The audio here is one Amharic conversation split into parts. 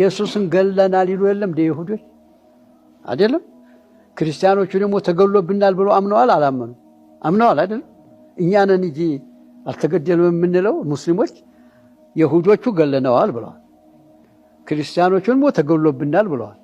ኢየሱስን ገለናል ይሉ የለም እንደ ይሁዶች አይደለም። ክርስቲያኖቹ ደግሞ ተገሎብናል ብለው አምነዋል። አላመኑ አምነዋል አይደለም። እኛንን እንጂ አልተገደልም የምንለው ሙስሊሞች፣ የሁዶቹ ገለነዋል ብለዋል። ክርስቲያኖቹ ደግሞ ተገሎብናል ብለዋል።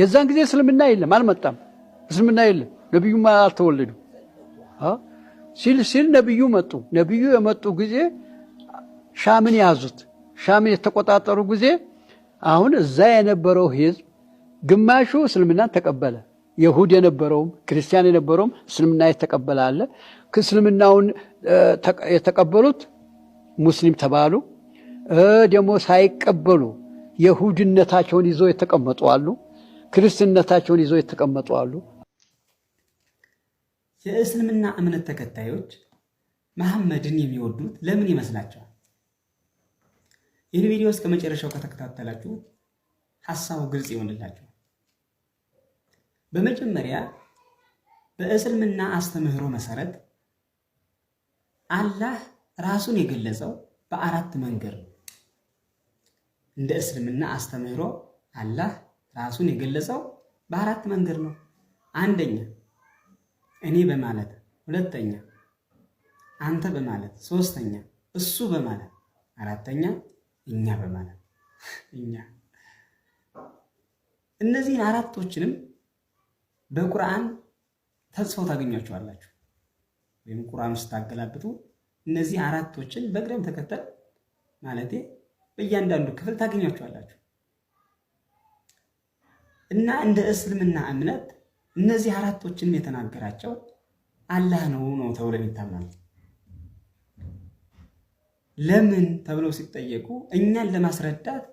የዛን ጊዜ እስልምና የለም አልመጣም። እስልምና የለም ነቢዩም አልተወለዱ ሲል ሲል ነቢዩ መጡ። ነቢዩ የመጡ ጊዜ ሻምን ያዙት። ሻምን የተቆጣጠሩ ጊዜ አሁን እዛ የነበረው ህዝብ ግማሹ እስልምናን ተቀበለ። የሁድ የነበረውም ክርስቲያን የነበረውም እስልምና የተቀበለ አለ። እስልምናውን የተቀበሉት ሙስሊም ተባሉ። ደግሞ ሳይቀበሉ የሁድነታቸውን ይዘው የተቀመጡ አሉ። ክርስትነታቸውን ይዘው የተቀመጡ አሉ። የእስልምና እምነት ተከታዮች መሐመድን የሚወዱት ለምን ይመስላቸዋል? ይህን ቪዲዮ እስከ መጨረሻው ከተከታተላችሁ ሀሳቡ ግልጽ ይሆንላችሁ። በመጀመሪያ በእስልምና አስተምህሮ መሰረት አላህ ራሱን የገለጸው በአራት መንገድ ነው። እንደ እስልምና አስተምህሮ አላህ ራሱን የገለጸው በአራት መንገድ ነው። አንደኛ እኔ በማለት ሁለተኛ አንተ በማለት ሶስተኛ እሱ በማለት አራተኛ እኛ በማለት እኛ እነዚህን አራቶችንም በቁርአን ተጽፈው ታገኛቸዋላችሁ። ወይም ቁርአን ውስጥ ታገላብጡ እነዚህ አራቶችን በቅደም ተከተል ማለት በእያንዳንዱ ክፍል ታገኛቸዋላችሁ። እና እንደ እስልምና እምነት እነዚህ አራቶችንም የተናገራቸው አላህ ነው ነው ተብሎ ይታመናል። ለምን ተብለው ሲጠየቁ እኛን ለማስረዳት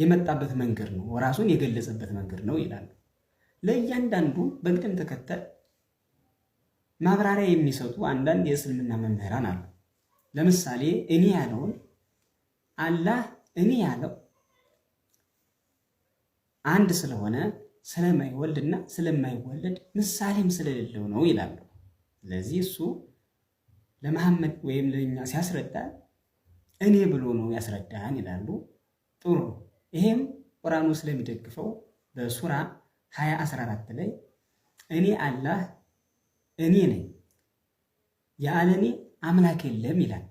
የመጣበት መንገድ ነው፣ ራሱን የገለጸበት መንገድ ነው ይላሉ። ለእያንዳንዱ በቅደም ተከተል ማብራሪያ የሚሰጡ አንዳንድ የእስልምና መምህራን አሉ። ለምሳሌ እኔ ያለውን አላህ እኔ ያለው አንድ ስለሆነ ስለማይወልድ እና ስለማይወለድ ምሳሌም ስለሌለው ነው ይላሉ። ስለዚህ እሱ ለመሐመድ ወይም ለኛ ሲያስረዳ እኔ ብሎ ነው ያስረዳን ይላሉ። ጥሩ ይሄም ቁርአኑ ስለሚደግፈው በሱራ 20 14 ላይ እኔ አላህ እኔ ነኝ ያለ አምላክ የለም ይላል።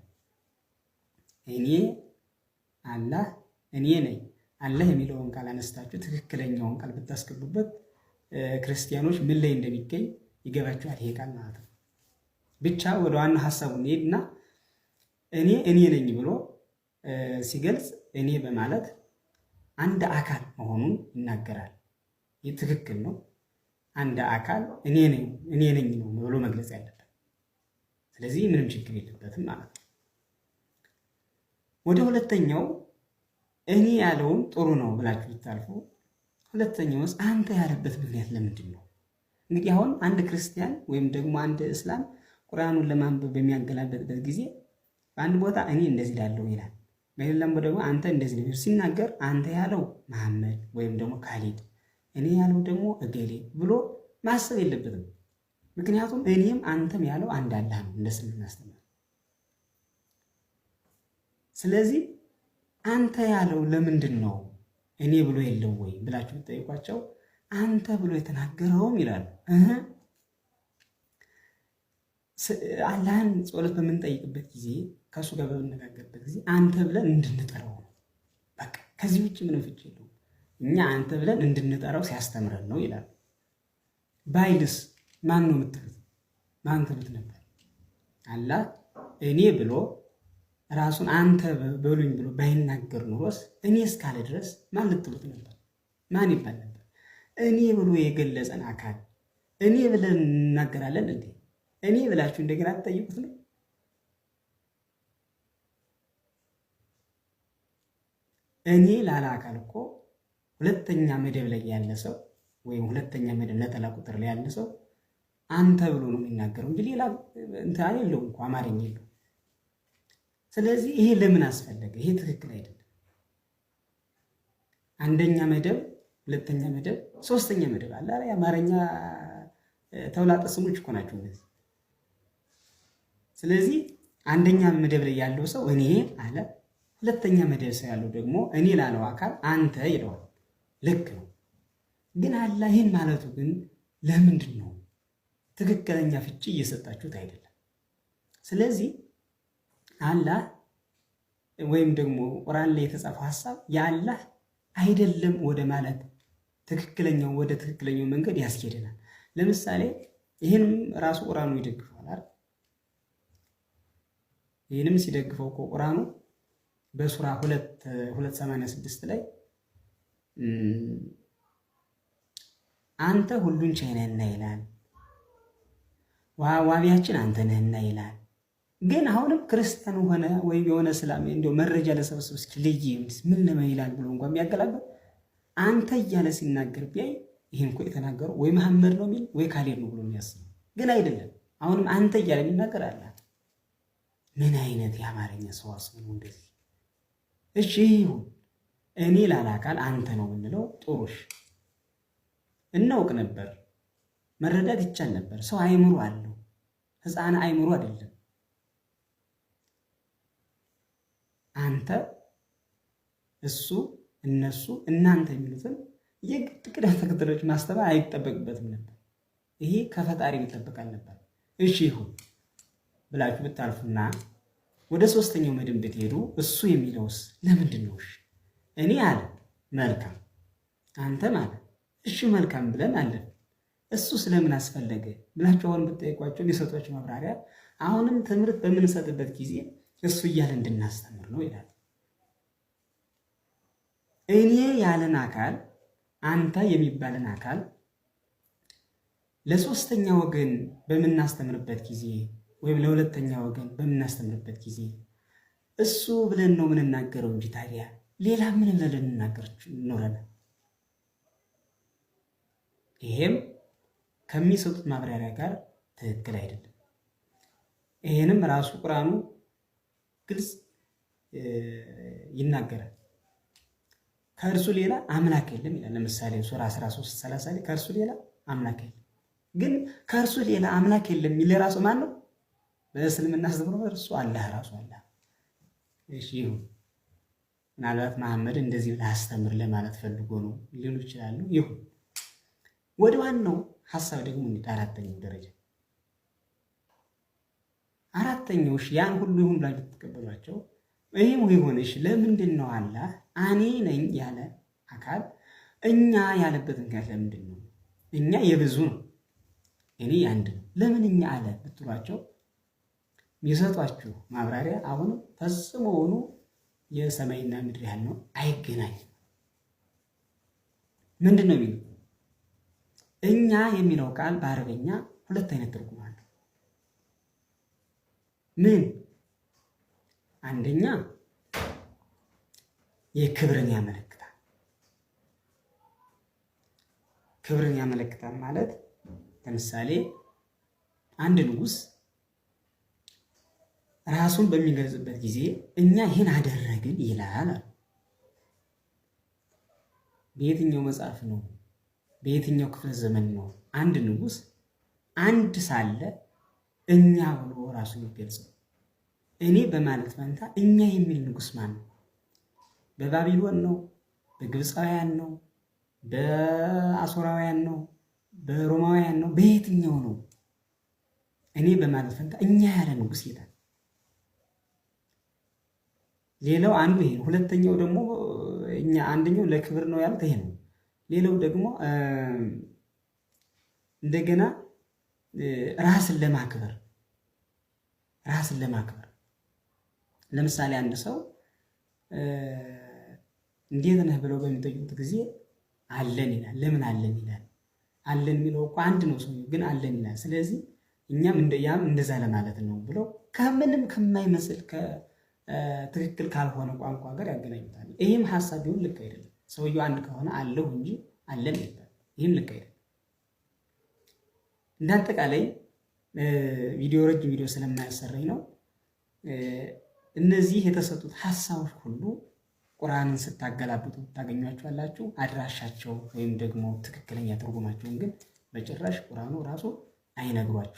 እኔ አላህ እኔ ነኝ አላህ የሚለውን ቃል አነስታችሁ ትክክለኛውን ቃል ብታስገቡበት ክርስቲያኖች ምን ላይ እንደሚገኝ ይገባችኋል ይሄ ቃል ማለት ነው። ብቻ ወደ ዋና ሀሳቡ እንሄድና እኔ እኔ ነኝ ብሎ ሲገልጽ እኔ በማለት አንድ አካል መሆኑን ይናገራል። ይህ ትክክል ነው። አንድ አካል እኔ ነኝ ነው ብሎ መግለጽ ያለበት። ስለዚህ ምንም ችግር የለበትም ማለት ነው። ወደ ሁለተኛው እኔ ያለውን ጥሩ ነው ብላችሁ ብታልፉ፣ ውስጥ አንተ ያለበት ምክንያት ለምንድን ነው? እንግዲህ አሁን አንድ ክርስቲያን ወይም ደግሞ አንድ እስላም ቁርአኑን ለማንበብ በሚያገላበጥበት ጊዜ በአንድ ቦታ እኔ እንደዚህ ላለው ይላል። በሌላም ደግሞ አንተ እንደዚህ ነው ሲናገር አንተ ያለው መሐመድ ወይም ደግሞ ካሊድ እኔ ያለው ደግሞ እገሌ ብሎ ማሰብ የለበትም። ምክንያቱም እኔም አንተም ያለው አንድ አላህ ነው እንደ ስናስተምር። ስለዚህ አንተ ያለው ለምንድን ነው እኔ ብሎ የለው ወይ ብላችሁ ብትጠይቋቸው አንተ ብሎ የተናገረውም ይላሉ። አላህን ጸሎት በምንጠይቅበት ጊዜ ከእሱ ጋር በምነጋገርበት ጊዜ አንተ ብለን እንድንጠራው ነው። በቃ ከዚህ ውጭ ምንም ፍጭ የለውም። እኛ አንተ ብለን እንድንጠራው ሲያስተምረን ነው ይላል። ባይልስ ማን ነው የምትሉት? ማን ትሉት ነበር? አላህ እኔ ብሎ ራሱን አንተ በሉኝ ብሎ ባይናገር ኑሮስ እኔ እስካለ ድረስ ማን ልትሉት ነበር? ማን ይባል ነበር? እኔ ብሎ የገለጸን አካል እኔ ብለን እንናገራለን እንዴ? እኔ ብላችሁ እንደገና ትጠይቁት ነው። እኔ ላለ አካል እኮ ሁለተኛ መደብ ላይ ያለ ሰው ወይም ሁለተኛ መደብ ነጠላ ቁጥር ላይ ያለ ሰው አንተ ብሎ ነው የሚናገረው እንጂ ሌላ እንትን የለውም እኮ አማርኛ የለውም። ስለዚህ ይሄ ለምን አስፈለገ? ይሄ ትክክል አይደለም። አንደኛ መደብ፣ ሁለተኛ መደብ፣ ሶስተኛ መደብ አለ። አማርኛ ተውላጠ ስሞች እኮ ናቸው እነዚህ። ስለዚህ አንደኛ መደብ ላይ ያለው ሰው እኔ አለ። ሁለተኛ መደብ ሰው ያለው ደግሞ እኔ ላለው አካል አንተ ይለዋል። ልክ ነው። ግን አላህ ይህን ማለቱ ግን ለምንድን ነው? ትክክለኛ ፍቺ እየሰጣችሁት አይደለም። ስለዚህ አላህ ወይም ደግሞ ቁርአን ላይ የተጻፈው ሀሳብ የአላህ አይደለም ወደ ማለት ትክክለኛው ወደ ትክክለኛው መንገድ ያስኬደናል። ለምሳሌ ይህንም ራሱ ቁርአኑ ይደግፈዋል። ይህንም ሲደግፈው እኮ ቁርአኑ በሱራ 286 ላይ አንተ ሁሉን ቻይ ነህና ይላል። ዋቢያችን አንተ ነህና ይላል። ግን አሁንም ክርስቲያን ሆነ ወይም የሆነ ስላም እንዲያው መረጃ ለሰብስብ እስኪ ልይምስ ምን ለምን ይላል ብሎ እንኳን ቢያገላግል አንተ እያለ ሲናገር ቢያይ ይህን እኮ የተናገረው ወይ መሐመድ ነው የሚል ወይ ካሌብ ነው ብሎ የሚያስብ ግን አይደለም። አሁንም አንተ እያለ የሚናገር አለ ምን አይነት የአማርኛ ሰዋስው ነው እንደዚህ? እሺ ይሁን፣ እኔ ላላቃል አንተ ነው የምንለው። ጥሩሽ እናውቅ ነበር፣ መረዳት ይቻል ነበር። ሰው አይምሮ አለው፣ ህፃን አይምሮ አይደለም። አንተ፣ እሱ፣ እነሱ፣ እናንተ የሚሉትን የግድ ቅደም ተከተሎች ማስተማር አይጠበቅበትም ነበር። ይሄ ከፈጣሪ ይጠበቃል ነበር። እሺ ይሁን። ብላችሁ ብታልፉና ወደ ሶስተኛው መድን ብትሄዱ እሱ የሚለውስ ለምንድን ነው? እኔ አለ መልካም፣ አንተም አለ እሺ መልካም ብለን አለን። እሱ ስለምን አስፈለገ ብላችሁ አሁን ብትጠይቋቸው የሚሰጧቸው ማብራሪያ አሁንም ትምህርት በምንሰጥበት ጊዜ እሱ እያለ እንድናስተምር ነው ይላል። እኔ ያለን አካል አንተ የሚባልን አካል ለሶስተኛ ወገን በምናስተምርበት ጊዜ ወይም ለሁለተኛ ወገን በምናስተምርበት ጊዜ እሱ ብለን ነው የምንናገረው እንጂ ታዲያ ሌላ ምን ብለን ልንናገር ይኖረናል? ይሄም ከሚሰጡት ማብራሪያ ጋር ትክክል አይደለም። ይሄንም ራሱ ቁርአኑ ግልጽ ይናገራል። ከእርሱ ሌላ አምላክ የለም ይላል። ለምሳሌ ሱራ 13 30 ላይ ከእርሱ ሌላ አምላክ የለም። ግን ከእርሱ ሌላ አምላክ የለም የሚል ራሱ ማን ነው? በእስልምና ስትኖር እርሱ አላህ ራሱ አላህ። እሺ ይሁን። ምናልባት መሐመድ እንደዚህ ላስተምር አስተምር ለማለት ፈልጎ ነው ሊሉ ይችላሉ። ይሁን። ወደ ዋናው ሀሳብ ደግሞ እንደ አራተኛው ደረጃ አራተኛው እሺ ያን ሁሉ ይሁን ብላችሁ ተቀበሏቸው። ይህም ይሁን ለምንድን ነው አላህ እኔ ነኝ ያለ አካል እኛ ያለበት ምክንያት ለምንድን ነው? እኛ የብዙ ነው፣ እኔ አንድ ነው። ለምን እኛ አለ ብትሏቸው ቢሰጧችሁ ማብራሪያ አሁን ፈጽሞውኑ የሰማይና ምድር ያህል ነው፣ አይገናኝም። ምንድን ነው የሚለው እኛ የሚለው ቃል በአረበኛ ሁለት አይነት ትርጉም አለ። ምን አንደኛ የክብርን ያመለክታል። ክብርን ያመለክታል ማለት ለምሳሌ አንድ ንጉስ? ራሱን በሚገልጽበት ጊዜ እኛ ይህን አደረግን ይላል። በየትኛው መጽሐፍ ነው? በየትኛው ክፍለ ዘመን ነው? አንድ ንጉስ አንድ ሳለ እኛ ብሎ ራሱን የሚገልጸው? እኔ በማለት ፈንታ እኛ የሚል ንጉስ ማን ነው? በባቢሎን ነው? በግብፃውያን ነው? በአሶራውያን ነው? በሮማውያን ነው? በየትኛው ነው? እኔ በማለት ፈንታ እኛ ያለ ንጉስ ይላል። ሌላው አንዱ ይሄ ነው። ሁለተኛው ደግሞ እኛ አንደኛው ለክብር ነው ያሉት ይሄ ነው። ሌላው ደግሞ እንደገና ራስን ለማክበር ራስን ለማክበር ለምሳሌ አንድ ሰው እንዴት ነህ ብለው በሚጠይቁት ጊዜ አለን ይላል። ለምን አለን ይላል? አለን የሚለው እኮ አንድ ነው፣ ሰው ግን አለን ይላል። ስለዚህ እኛም እንደያም እንደዛ ለማለት ነው ብለው ከምንም ከማይመስል ትክክል ካልሆነ ቋንቋ ጋር ያገናኙታል። ይህም ሀሳብ ቢሆን ልክ አይደለም። ሰውየው አንድ ከሆነ አለሁ እንጂ አለን ይባል፣ ይህም ልክ አይደለም። እንደ አጠቃላይ ቪዲዮ ረጅም ቪዲዮ ስለማያሰረኝ ነው። እነዚህ የተሰጡት ሀሳቦች ሁሉ ቁርአንን ስታገላብጡ ታገኟቸዋላችሁ። አድራሻቸው ወይም ደግሞ ትክክለኛ ትርጉማቸውን ግን በጭራሽ ቁርአኑ ራሱ አይነግሯችሁ።